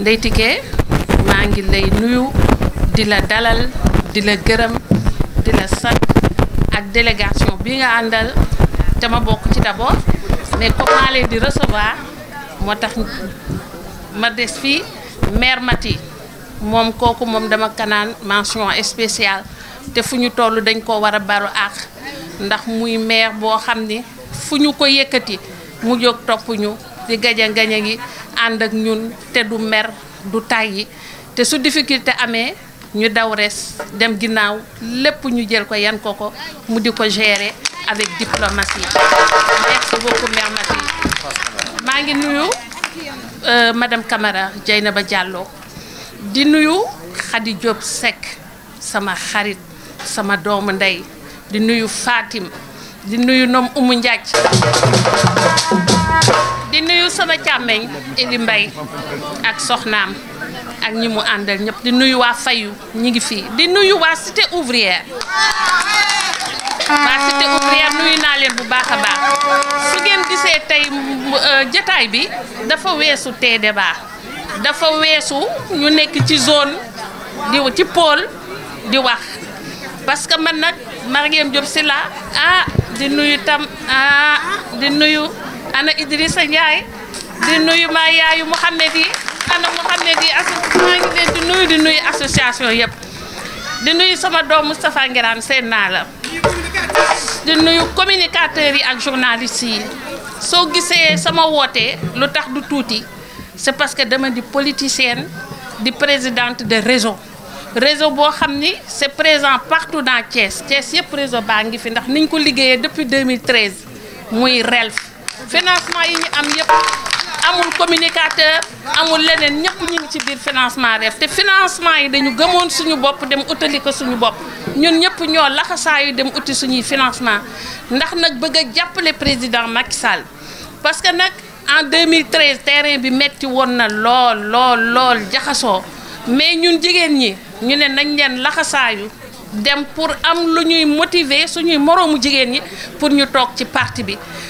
Ndeye Tické maa ngi lay nuyu di la dalal di la gërëm di la sant ak délégation bi nga àndal te ma bokk ci d'abord mais comme maa leen di recevoir moo tax ma des fii maire Mati moom kooku moom dama kanaan mention spéciale te fu ñu toll dañ ko war a baru àq ndax muy maire boo xam ni fu ñu ko yëkkati mu jóg topp ñu di gaja gaña gi ànd ak ñun te du mer du tàyyi te su difficulté amee ñu daw res dem ginnaaw lépp ñu jël ko yan ko ko mu di ko gérer avec diplomatie merci beaucoup mère Mathie maa ngi nuyu euh, madame na ba jàlloo di nuyu Khady Diop Seck sama xarit sama doomu ndey di nuyu Fatim di nuyu noom Umu Njaaj di nuyu sama càmmeñ Idi Mbay ak soxnaam ak ñi mu àndal ñëpp di nuyu waa fayu ñi ngi fii di nuyu waa cité ouvrière waa nuyu naa leen bu baax a baax su ngeen gisee tey euh, jataay bi dafa weesu tee débat dafa weesu ñu nekk ci zone di ci pôle di wax parce que man nag Mariam Diop si la ah di nuyu tam ah di nuyu ana Idrissa Ndiaye di nuyu maa yaayu Mouhamed yi ana Mouhamed yi maa ngi leen di nuyu di nuyu association yëpp di nuyu sama doom Moustapha Ngiraan seen naa la di nuyu communicateur yi ak journalistes yi soo gisee sama wootee lu tax du tuuti c'est parce que dama di politicienne di présidente de réseau réseau boo xam ni c'est présent partout dans Thiès Thiès yëpp réseau baa ngi fi ndax niñ ko liggéeyee depuis 2013 muy RELF financement yi ñu am yëpp amul communicateur amul leneen ñëpp ñu ngi ci biir financement REEF te financement yi dañu gëmoon suñu bopp dem utali ko suñu bopp ñun ñëpp ñoo laxasaa yu dem uti suñuy financement ndax nag bëgg a jàppale président Macky Sall parce que nag en 2013 terrain bi metti woon na lool lool lool jaxasoo mais ñun jigéen ñi ñu ne nañ leen laxasaayu dem pour am lu ñuy motiver suñuy moroomu jigéen ñi pour ñu toog ci partie bi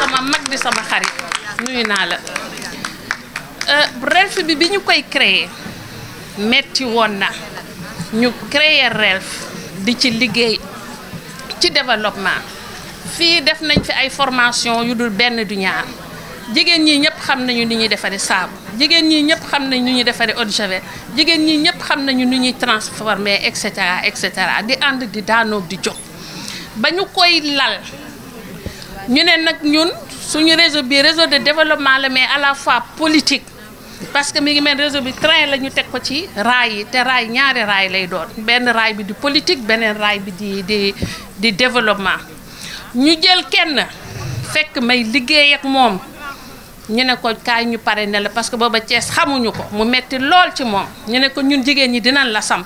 sama mag di sama xarit nuyu naa la euh, relf bi bi ñu koy créer metti woon na ñu créer relf di ci liggéey ci développement fii def nañ fi ay formation yu dul benn du ñaar jigéen ñi ñëpp xam nañu ni ñuy defaree saabu jigéen ñi ñëpp xam nañu ni ñuy defaree eau de jigéen ñi ñëpp xam nañu ni ñuy transformer et cetera et cetera di ànd di daanoo di jóg ba ñu koy lal ñu ne nag ñun suñu réseau bi réseau de développement la mais à la fois politique parce que mi ngi mel réseau bi train la ñu teg ko ci raay yi te raay ñaari raay lay doon benn raay bi di politique beneen raay bi di di di développement ñu jël kenn fekk may liggéey ak moom ñu ne ko kaay ñu pare ne la parce que booba Thiès xamuñu ko mu metti lool ci moom ñu ne ko ñun jigéen ñi dinañ la samp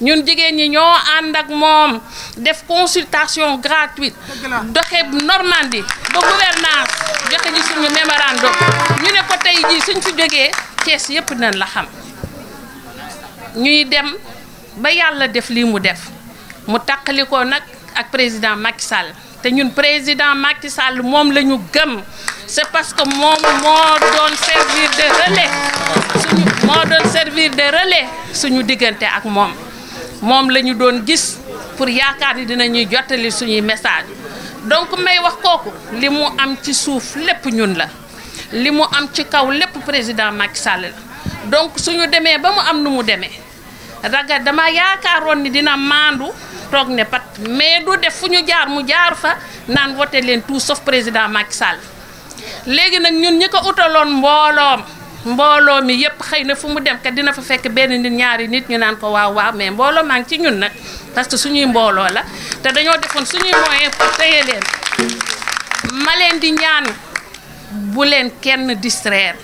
ñun jigéen ñi ñoo ànd ak moom def consultation gratuite doxe Normandie ba gouvernance joxe ji suñu mémorandum ñu ne ko tey ji suñ fi jógee Cees yëpp nañ la xam ñuy dem ba yàlla def lii mu def mu tàqalikoo nag ak président Macky Sall te ñun président Macky Sall moom la ñu gëm c'est parce que moom moo doon moo doon servir de relais suñu diggante ak moom moom la ñu doon gis pour yaakaar ni dinañuy jottali suñuy message donc may wax kooku li mu am ci suuf lépp ñun la li mu am ci kaw lépp président Macky Sall la donc suñu demee ba mu am nu mu demee raga dama yaakaaroon ni dina maandu toog ne pat mais du def fu ñu jaar mu jaar fa naan wote leen tout sauf président Macky Sall léegi nag ñun ñi ko utaloon mbooloom mbooloo mi yépp xëy na fu mu dem kat dina fa fekk benn nit ñaari nit ñu naan ko waaw waaw mais mbooloo maa ngi ci ñun nag parce que suñuy mbooloo la te dañoo defoon suñuy moyen pour téye leen ma leen di ñaan bu leen kenn distraire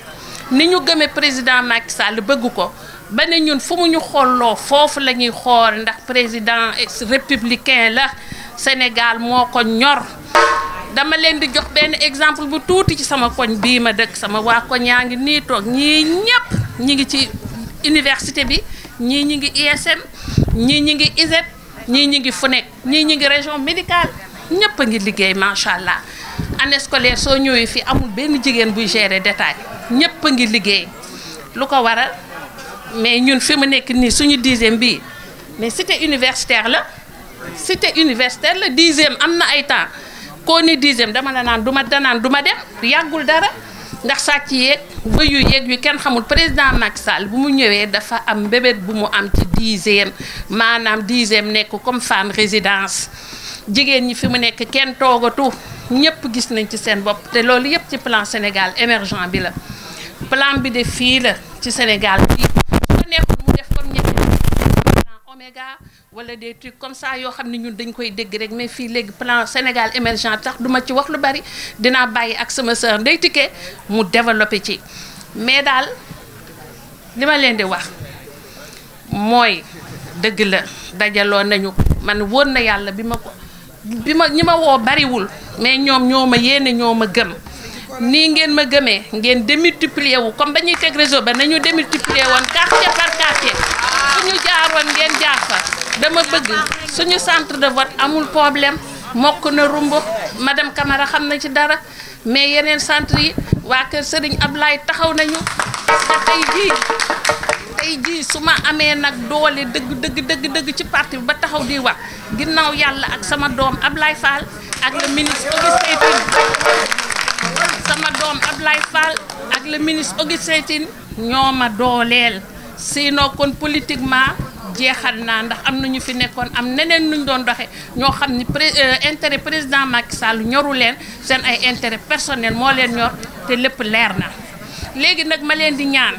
ni ñu gëmee président Macky Sall bëgg ko ba ne ñun fu mu ñu xolloo foofu la ñuy xool ndax président républicain la Sénégal moo ko ñor dama leen di jox benn exemple bu tuuti ci sama koñ bii ma dëkk sama waa koñ yaa ngi nii toog ñii ñëpp ñi ngi ci université bi ñii ñi ngi ISM ñii ñi ngi ISEP ñii ñi ngi fu nekk ñii ñi ngi région médicale ñëpp a ngi liggéey macha allah année scolaire soo ñëwee fii amul benn jigéen buy gérer détail ñëpp a ngi liggéey lu ko waral mais ñun fi mu nekk nii suñu dixième bi mais cité universitaire la cité universitaire la dixième am na ay temps boo ni dixième dama la naan duma ma danaan du ma dem yàggul dara ndax sàcc yeeg bëyu yeeg yu kenn xamul président Macky Sall bu mu ñëwee dafa am mbébét bu mu am ci dixième maanaam dixième nekk comme femme résidence jigéen ñi fi mu nekk kenn toogatu ñëpp gis nañ ci seen bopp te loolu yëpp ci plan Sénégal émergent bi la plan bi de fii la ci Sénégal oméga wala des trucs comme saa yoo xam ne ñun dañ koy dégg rek mais fii léegi plan Sénégal émergent tax duma ci wax lu bari dinaa bàyyi ak sama sœur Ndeye Tické mu développé ci mais daal li ma leen di wax mooy dëgg la dajaloo nañu man wóor na yàlla bi ma ko bi ma ñi ma woo bariwul mais ñoom ñoo ma yéene ñoo ma gëm nii ngeen ma gëmee ngeen de démultiplier wu comme ba ñuy teg réseau ba nañu démultiplier woon quartier par fa ñu jaaroon ngeen jaar fa dama bëgg suñu centre de vote amul problème mokk na rumb dem camera xam na ci dara mais yeneen centre yi waa kër ab Ablaye taxaw nañu te tey jii tey jii su ma amee nag doole dëgg dëgg dëgg ci parti bi ba taxaw di wax ginnaaw yàlla ak sama doom Ablaye Fall ak le ministre Augustin sama doom Ablaye Fall ak le ministre Augustin Tine ñoo ma dooleel sinon kon politiquement jeexal naa ndax am na ñu fi nekkoon am neneen nuñ doon doxe ñoo xam ni pré euh, intérêt président Macky Sall ñoru leen seen ay intérêt personnel moo leen ñor te lépp leer na. léegi nag ma leen di ñaan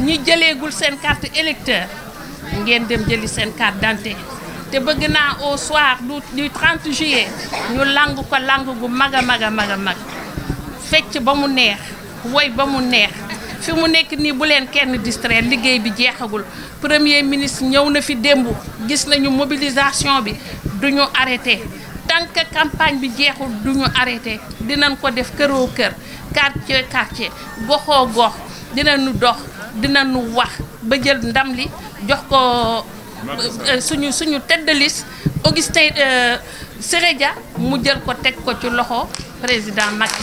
ñi jëleegul seen carte électeur ngeen dem jëli seen carte d'identité te bëgg naa au soir du 30 juillet ñu lang ko lang gu mag a mag a mag a mag fecc ba mu neex woy ba mu neex. fi mu nekk nii bu leen kenn distraire liggéey bi jeexagul premier ministre ñëw na fi démb gis nañu mobilisation bi du ñu arrêté tant que campagne bi jeexul duñu ñu arrêté dinañ ko def këroo kër quartier quartier goxoo gox dinañu dox dinañu wax ba jël ndam li jox ko euh, suñu suñu tête de liste Augustin euh, Séré Dia mu jël ko teg ko ci loxo président Macky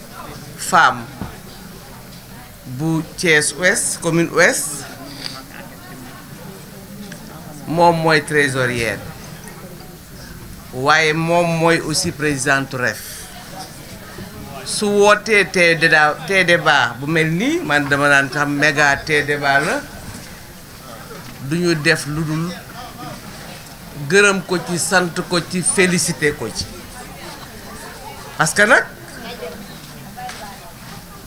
femme bu Thiès Ouest commune Ouest moom mooy trésorière waaye moom mooy aussi présidente REF su wootee tee déda tee débat bu mel nii man dama naan xam méga tee débat la du def lu dul gërëm ko ci sant ko ci félicité ko ci parce nag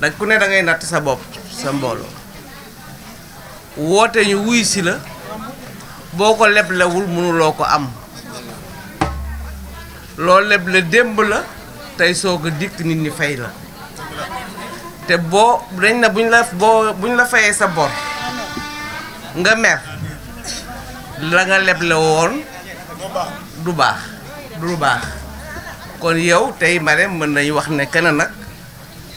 dañ ku ne da ngay natt sa bopp sa mbooloo woote ñu wuy si la boo ko leblewul mënuloo ko am loo leble démb la tey soo ko dikk nit ñi fay la te boo dañ na buñ la la fayee sa bor nga mer la nga leble woon du baax du baax kon yow tey Marème mën nañu wax ne kenn nag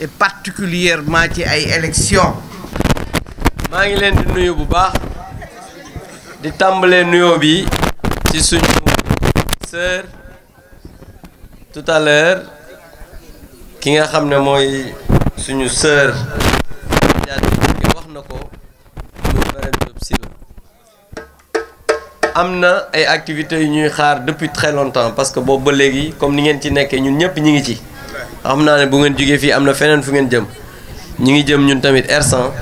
et particulièrement ci ay élections maa ngi leen di nuyu bu baax di tambalé nuyo bi ci suñu sœur tout à l'heure ki nga xamné moy suñu sœur wax na amna ay activités ñuy xaar depuis très longtemps parce que bo ba légui comme ni ngeen ci nekkee ñun ñëpp ñi ngi ci amna ne bu ngeen jógee fi amna fenen fu ngeen jëm ñi ngi jëm ñun tamit R100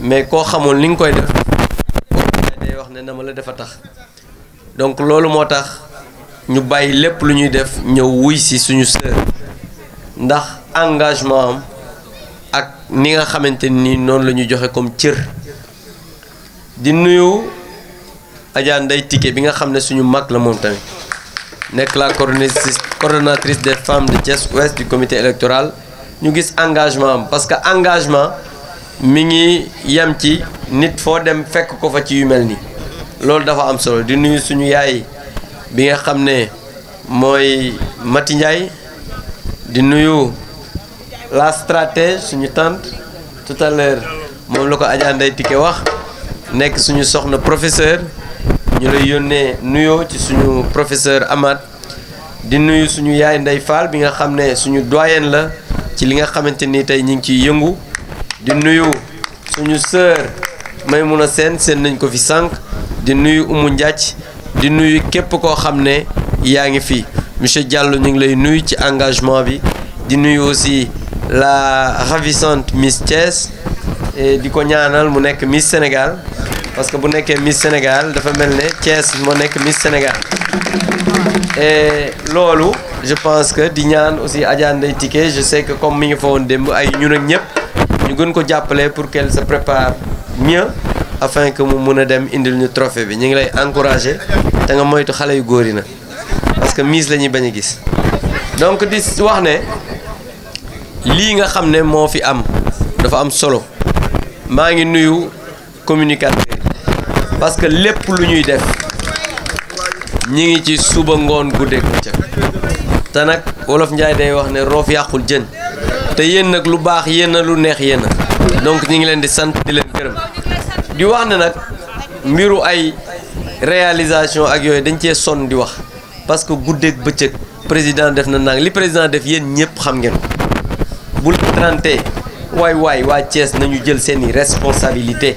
mais ko xamul li nga koy def day wax ne dama la dafa tax donc lolu motax ñu bayyi lepp lu ñuy def ñew wuy ci suñu sœur ndax engagement ak ni nga xamanteni non lañu joxe comme cieur di nuyu Adja day Tické bi nga xam suñu mak la mom tamit. nekk la coordonnatrice des femme de Thiès Ouest du comité électoral ñu gis engagement am parce que engagement mi ngi yam ci nit foo dem fekk ko fa ci yu mel ni loolu dafa am solo di nuyu suñu yaay bi nga xam ne mooy Mati Ndiaye di nuyu la stratège suñu tante tout à moom la ko Adja Ndeye Tické wax nekk suñu soxna professeur ñu lay yónnee nuyoo ci suñu professeur Amath di nuyu suñu yaay Ndey Fall bi nga xam ne suñu doyen la ci li nga xamante ni tey ñu ngi ciy yëngu di nuyu suñu sœur Maymuna Sène seen nañ ko fi sànq di nuyu Umu Ndiac di nuyu képp koo xam ne yaa ngi fi monsieur Diallo ñu ngi lay nuyu ci engagement bi di nuyu aussi la ravissante Miss Thiès di ko ñaanal mu nekk Miss Sénégal parce que bu nekkee Miss Sénégal dafa mel ne Thiès moo nekk Miss Sénégal et Lolo, je pense que Dignan aussi aussi déjà Ndeye ticket. je sais que comme mi ngi fa woon démb ay ñun ak ñëpp ñu gën ko jàppale pour qu'elle se prépare mieux afin que mu mun a dem indil trophée bi ñu lay encourager te nga moytu xale yu góor parce que Miss la ñuy gis donc di wax ne lii nga xam ne moo fi am dafa am solo maa ngi nuyu communicateur parce que lépp lu ñuy def ñi ngi ci suba ngoon guddeeg bëccëg te nag wolof Njaay day wax ne roof yàqul jën te yéen nag lu baax yéen lu neex yéen a donc ñi ngi leen di sant di leen gërëm di wax ne nag mbiru ay réalisation ak yooyu dañ cee sonn di wax parce que guddeeg bëccëg président def na nang li président def yéen ñëpp xam ngeen bu la trente waay waay waa Thiès nañu jël seeni responsabilité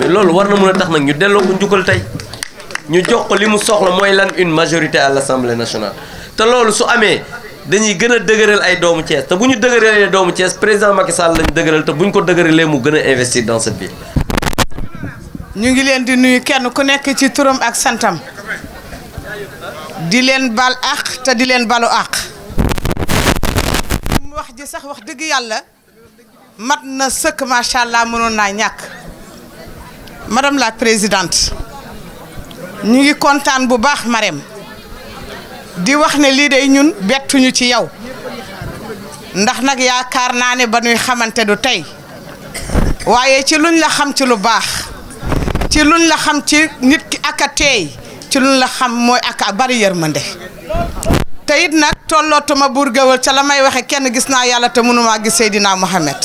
mais loolu war na mën a tax nag ñu delloo ko njukkal tey ñu jox ko li mu soxla mooy lan une majorité à l'Assemblée nationale te loolu su amee dañuy gën a dëgëral ay doomu Thiès te bu ñu dëgëralee doomu Thiès président Macky Sall lañ dëgëral te bu ñu ko dëgëralee mu gën a investir dans cette ñu ngi leen di nuyu kenn ku nekk ci turam ak santam di leen bal àq te di leen balu àq. mu wax ji sax wax dëgg yàlla mat na sëkk macha allah mënoon naa ñàkk. madame la président ñu ngi kontaan bu baax Marème di wax ne lii day ñun bettuñu ci yow ndax nag yaakaar naa ne ba nuy xamante du tey waaye ci luñ la xam ci lu baax ci luñ la xam ci nit ki ak a teey ci luñ la xam mooy ak a bari yërmande te it nag tollootuma buur géwël ca la may waxe kenn gis naa yàlla te mënumaa gis Seydina Mohamed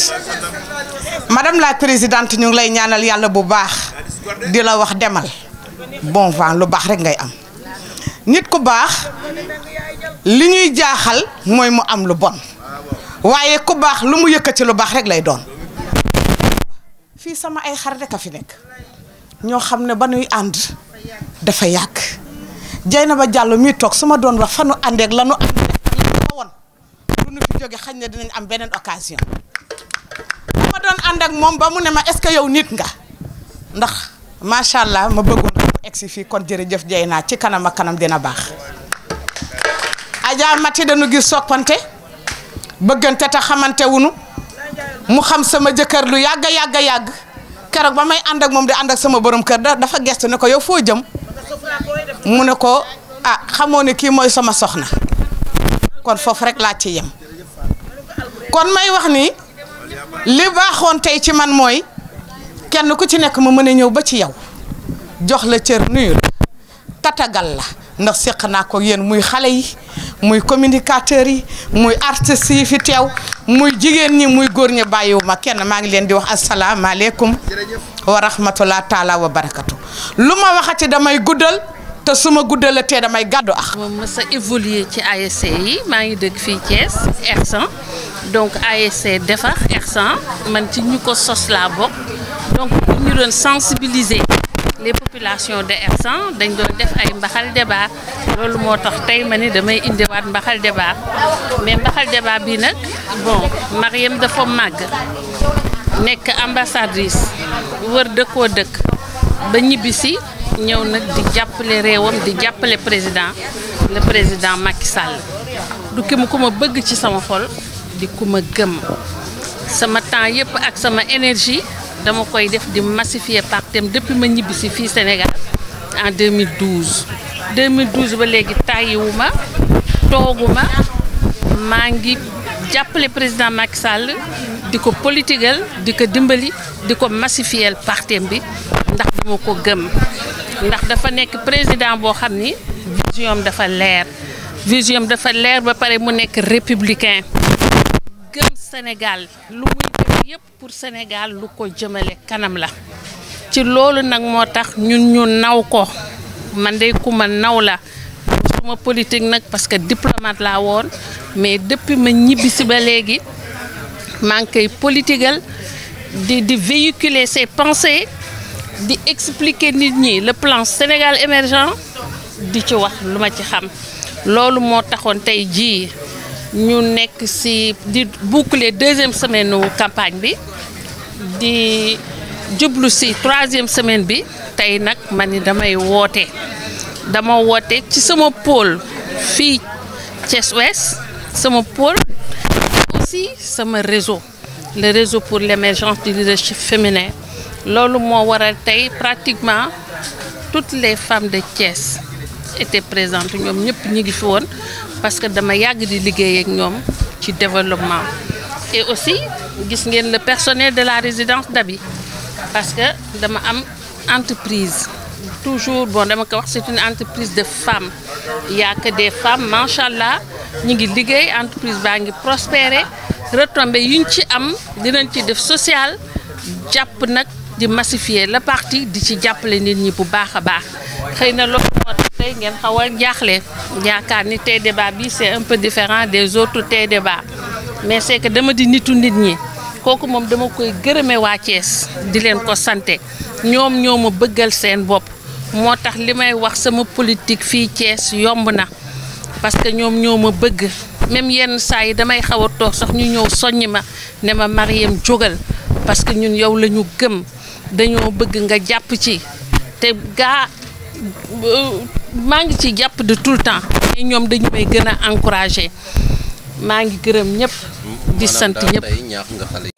madame la présidente ñu ngi lay ñaanal yàlla bu baax dila wax demal bon vent lu bax rek ngay am nit ku bax li ñuy jaaxal moy mu am lu bon waye ku bax lu mu yëkëti lu bax rek lay doon fi sama ay xar rek nyokham fi nekk ñoo xam ne ba nuy ànd dafa yàgg mi tok suma doon wax fanu andek lañu la lu ñu fi jóge xagne dinañ am benen occasion doon andak mom ba mu ne ma est-ce que yow nit nga ndax macha allah ma bëggoon egsi fii kon jërëjëf jay naa ci kanam ak kanam dina baax Adja Mati dañu gis soppante bëggante te xamante wunu mu xam sama jëkkër lu yàgg yàgg yàgg keroog ba may ànd ak moom di ànd ak sama borom kër da dafa gestu ne ko yow foo jëm mu ne ko ah xamoo ne kii mooy sama soxna kon foofu rek laa ci yem kon may wax ni li baaxoon tey ci man mooy. kenn ku ci nekk mu mëne ñëw ba ci yow jox la cër nuyu la tatagal la ndax séq naa ko yéen muy xale yi muy communicateurs yi muy artistes yi fi teew muy jigéen ñi muy góor ñi bàyyiwuma kenn maa ngi leen di wax asalaamaaleykum wa rahmatullah taala wa barakatu lu ma waxati damay guddal te su ma guddalatee damay gàddu ax moom mës a ci ASC yi maa ngi dëkk fii Thiès r donc ASC defar man ci ñu ko sos laa bokk donc pour nous doon sensibiliser les populations de Hersent dañ doon def ay mbaxal débat loolu moo tax tey ma ni damay indiwaat mbaxal débat mais mbaxal débat bi nag bon Mariam dafa màgg nek ambassadrice wër dëkkoo dëkk ba ñibbi si ñëw nag di jàppale réewam di jàppale président le président Macky Sall du ki mu ku bëgg ci sama xol di kuma ma gëm sama temps yépp ak sama énergie dama koy def di massifier partem depuis ma ñibbi si Sénégal en 2012 2012 ba léegi tàyyiwuma tooguma maa ngi jàppale président Macky Sall di ko politigal di ko dimbali di ko massifier par thème bi ndax dama ko gëm ndax dafa nekk président boo xam ni vision dafa leer vision dafa leer ba pare mu nekk républicain gëm Sénégal lu yëpp pour Sénégal lu ko jëmele kanam la ci lolu nak moo tax ñun ñu naw ko man day ku ma naw la suma politique nak parce que diplomate la woon mais depuis ma ñibbisi ba légui man kay koy di di véhiculer ses pensées di expliquer nit ñi le plan Sénégal émergent di ci wax luma ci xam lolu mo taxone tay ji ñu sommes ci di boucler deuxième semaine de campagne bi di la ci troisième semaine bi tay nak ma ni damay woote dama woote ci sama pôle fi Thiès Ouest sama pôle aussi sama réseau le réseau pour l'émergence du leadership féminin loolu mo waral tay pratiquement toutes les femmes de Thiès étaient présentes ñom ñëpp ñi ngi fi won parce que dama yag di liguey ak ñom ci développement et aussi gis ngeen le personnel de la résidence d'Abi parce que dama am entreprise toujours bon dama ko wax c'est une entreprise de femmes il y a que des femmes manchallah, ñi ngi liguey entreprise ba ngi prospérer retomber yuñ ci am dinañ ci def social japp nak di massifier la partie di ci jàppale nit ñi bu baax a baax xëy na loolu moo tax tey ngeen xaw a jaaxle yaakaar ni tey débat bi c'est un peu différent des autres tey débat mais c'est que dama di nitu nit ñi kooku moom dama koy gërëme waa Thiès di leen ko sante ñoom ñoo ma bëggal seen bopp moo tax li may wax sama politique fii Thiès yomb na parce que ñoom ñoo ma bëgg même yenn saa yi damay xaw a toog sax ñu ñëw soññ ma ne ma Mariam jógal parce ñun yow la gëm dañoo bëgg nga jàpp ci te gaa maa ngi ci jàpp de tout le temps mais ñoom dañ may gën a encouragé maa ngi gërëm ñëpp di sant ñëpp